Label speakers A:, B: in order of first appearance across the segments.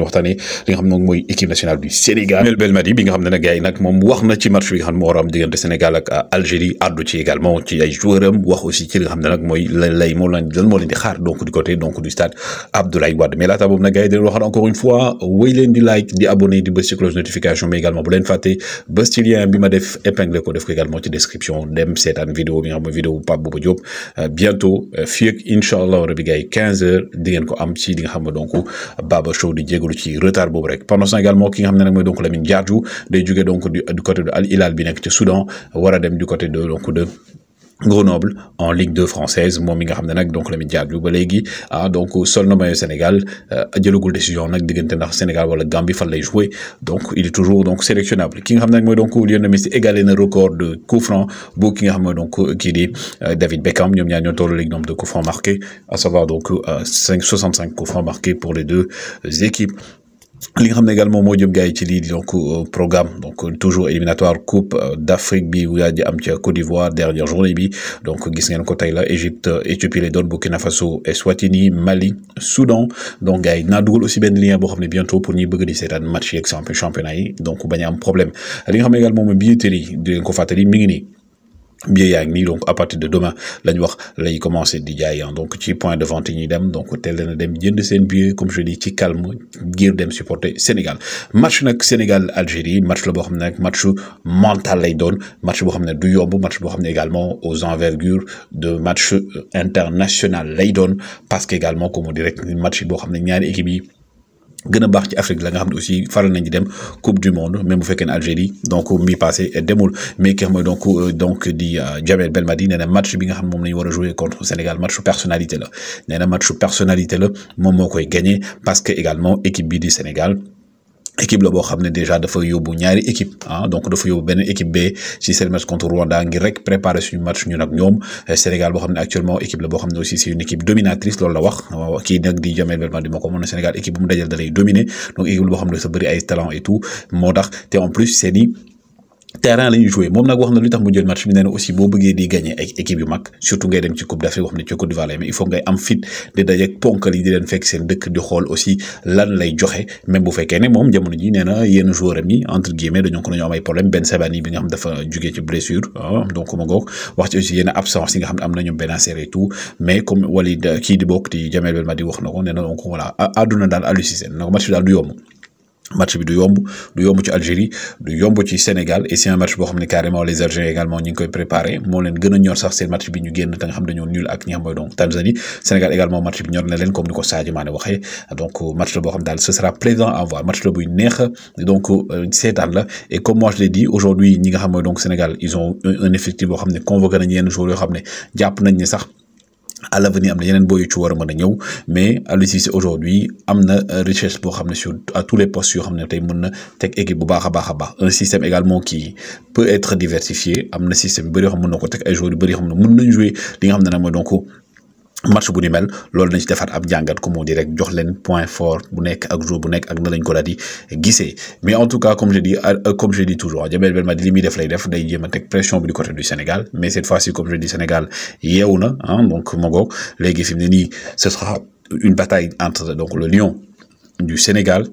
A: leen waxtaanee li nga xam ne moom mooy équipe nationale du Sénégal Samuel Belmadi bi nga xam ne nag gars yi nag moom wax na ci match bi nga xam ne moo war am diggante Sénégal ak euh, Algérie addu ci également ci ay joueur am wax aussi ci li nga xam ne nag mooy lan lay moo leen lan moo leen di xaar donc du côté donc du stade Abdoulaye Wade mais laata boobu nag gars yi di leen encore une fois wéy leen di like di abonné di bës ci cloche notification mais également bu leen fàtte bës ci lien bi ma def épinglé ko def ko également ci description dem seetaan vidéo bi nga xam ne vidéo Pape Bouba Diop euh, bientôt euh, fii ak incha allah rabi gars yi 15 heures di ngeen ko am ci li nga xam ne donc Baba Show di jégalu ci retard boobu rek pendant ce également ki nga xamné l'a moy donc Lamine Jarju day donc du côté de Al Hilal bi nek ci Soudan wara même, dem du côté de donc de Grenoble en Ligue 2 française moom mi nga donc le média jaar bi ba léegi ah donc sol na Sénégal Sénégal euh, jëlagul décision nag diggante le Sénégal wala Gambie Fallait jouer donc il est toujours donc sélectionnable ki nga xam ne nag mooy donc Lionel Messi égalé record de coups franc bu ki nga donc qui euh, David Beckham il y a un autre nombre de coups francs marqués à savoir donc 5 euh, 65 coups francs marqués pour les deux équipes li nga également au jëm ci donc euh, programme donc euh, toujours éliminatoire coupe euh, d'Afrique bi am Côte d'Ivoire dernière journée bi donc gis ngeen ko Égypte Éthiopie les doon Burkina Faso Eswatini Mali Soudan donc gars aussi ben lien boo bientôt pour nous, bëgg di seetaan match exemple championnat yi donc bañ a am problème li nga également au billetterie di leen ko fàttali mi ngi bien donc à partir de demain lañ wax commence à di jaay hein. donc petit point de vente ni dem donc tel na dem jënd seen billet comme je dis ci calme ngir dem supporter Sénégal match nak Sénégal Algérie match le boo xam match mental lay le match boo xam du yomb match boo xam également aux envergures de match euh, international lay parce qu'également, comme on dirait match boo xam ne ñaari équipe gëna a ci Afrique la nga xam aussi faral nañu dem coupe du monde même bu fekkee Algérie donc mi passé demul mais ki donc euh, donc di euh, Jamel Belmadi nee na match bi nga xam mom lañ wara a jouer contre Sénégal match personnalité la néna match personnalité la mom moo koy gagné parce que également équipe bi du Sénégal équipe la bo xamné déjà dafa yóbbu ñaari équipe hein donc dafa yóbbu benen équipe B ci seen match contre Rwanda ngir rek préparer suñu match ñun ak ñom eh, Sénégal bo xamné actuellement équipe la bo xamné aussi c'est une équipe dominatrice lool la wax ki nak di Jamel Belmadi moo ko mën Sénégal équipe bu mu dajal da dominer donc équipe bo xamné sa bari ay talent et tout motax té en plus c'est ni terrain lañu jouer mom nak waxna lutax mu jël match bi nee aussi bo bëggé di gagner ak e-, équipe yu mag surtout ngay dem ci coupe d'Afrique waxna ci Côte d'Ivoire mais il faut ngay am fit di dajeek ponkal yi di len fekk seen dëkk di xol aussi lan lay joxé même bu féké né mom jamono ji néna na yenn joueur am yi entre guillemets dañoo ko ñu am ay problème Ben Sebaini bi nga xam dafa jugee ci blessure ah, donc mo ngoog wax ci aussi yenn absence yi nga xam ne am na ñoom Benacer et tout mais comme Walid kii di bokk di Djamel Belmadi wax na ko nee donc voilà aduna dal alucine nak match bi du yomb match bi du yomb du yomb ci Algérie du yomb ci Sénégal et c'est un match bo xamné carrément les Algériens également ñing koy préparé mo leen gëna ñor sax seen match bi ñu génn ta nga xam dañu nul ak ñi nga donc Tanzanie Sénégal également match bi ñor na leen comme niko ko Sadio Mané waxé donc match bo boo xam ce sera plaisant à voir match la buy neex donc euh, seetaan la et comme moi je l'ai dit aujourd'hui ñi nga xam donc Sénégal ils ont un effectif bo xamné ne convoqué nañ yenn joueurs yoo xam ne nañ ni sax à l'avenir am na yeneen booy yu ci war a mën ñëw mais Aliou aujourd'hui amna euh, richesse boo xam sur à tous les postes sur amener tay tey mën na équipe bu baax a baax un système également qui peut être diversifié amna système bari bëri xam ko tek ay joueurs yu bëri yoo xam ne mën jouer li nga xam na donc match bu ni mel lolou nañ ci defaat ab jangat ko modi rek jox len point fort bu nek ak jour bu nek ak ko dadi gissé mais en tout cas comme je dis euh, euh, comme je dis toujours bel ma di muy def lay def day y a pression bi du côté du Sénégal mais cette fois-ci comme je dis Sénégal yeewu na hein, donc mogo légui fi mu ce sera une bataille entre donc le lion du Sénégal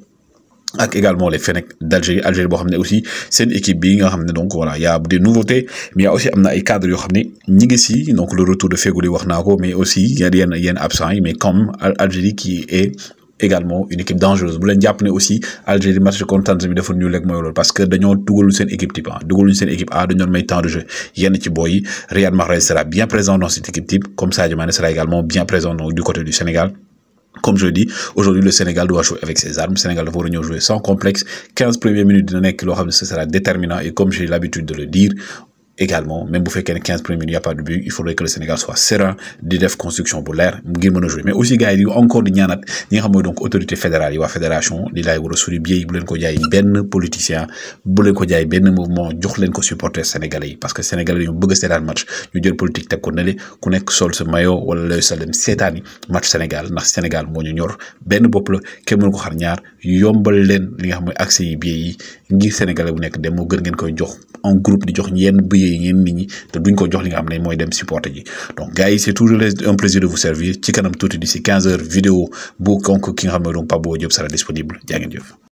A: ak également les Fennecs d'Algérie Algérie bo xamné aussi une équipe bi nga donc voilà y a des nouveautés mais il y a aussi amna ay cadres yo xamné ñi ngi donc le retour de Fegouli wax mais aussi y a yenn yenn mais comme Algérie qui est également une équipe dangereuse bu pouvez jàpp aussi Algérie match contre Tanzanie bi dafa ñu lek moy lol parce que dañoo dugaluñ une équipe type ah dugaluñ une équipe A dañu may temps de jeu yenn ci booy Riyad Mahrez sera bien présent dans cette équipe type comme Sadio Mané sera également bien présent du côté du Sénégal. Comme je dis, aujourd'hui, le Sénégal doit jouer avec ses armes. Le Sénégal doit revenir jouer sans complexe. 15 premières minutes de que ce sera déterminant. Et comme j'ai l'habitude de le dire, également même vous faites ne 15 premières minutes y' a pas de but il faudrait que le Sénégal soit serein de def construction pour l'air ngir mën jouer mais aussi gars yi encore di ñaanat ñi nga xam mooy donc autorité fédérale yi waa fédération li lay war a suri biey bu len ko jaay ben politicien bu len ko jaay ben mouvement jox len ko supporter sénégalais parce que sénégalais ñu bëgg a match ñu jël politique teg ko nele ku nek sol ce maillot wala lay sol dem match Sénégal ndax Sénégal mo ñu ñor ben bopp la kenn mënu ko xar ñaar yombal len li nga xam moy accès yi biey yi ñi sénégalais bu nekk dem mo gën ngeen koy jox en groupe di jox yenn billets yi ñeen nit ñi te duñ ko jox li nga xam ne mooy dem supporter ji donc gars yi c'est toujours un plaisir de vous servir ci kanam tuuti d'ici 15 heures vidéo bu konk ki nga xam ne donc pas Bouba Diop sera disponible jaa ngeen jëf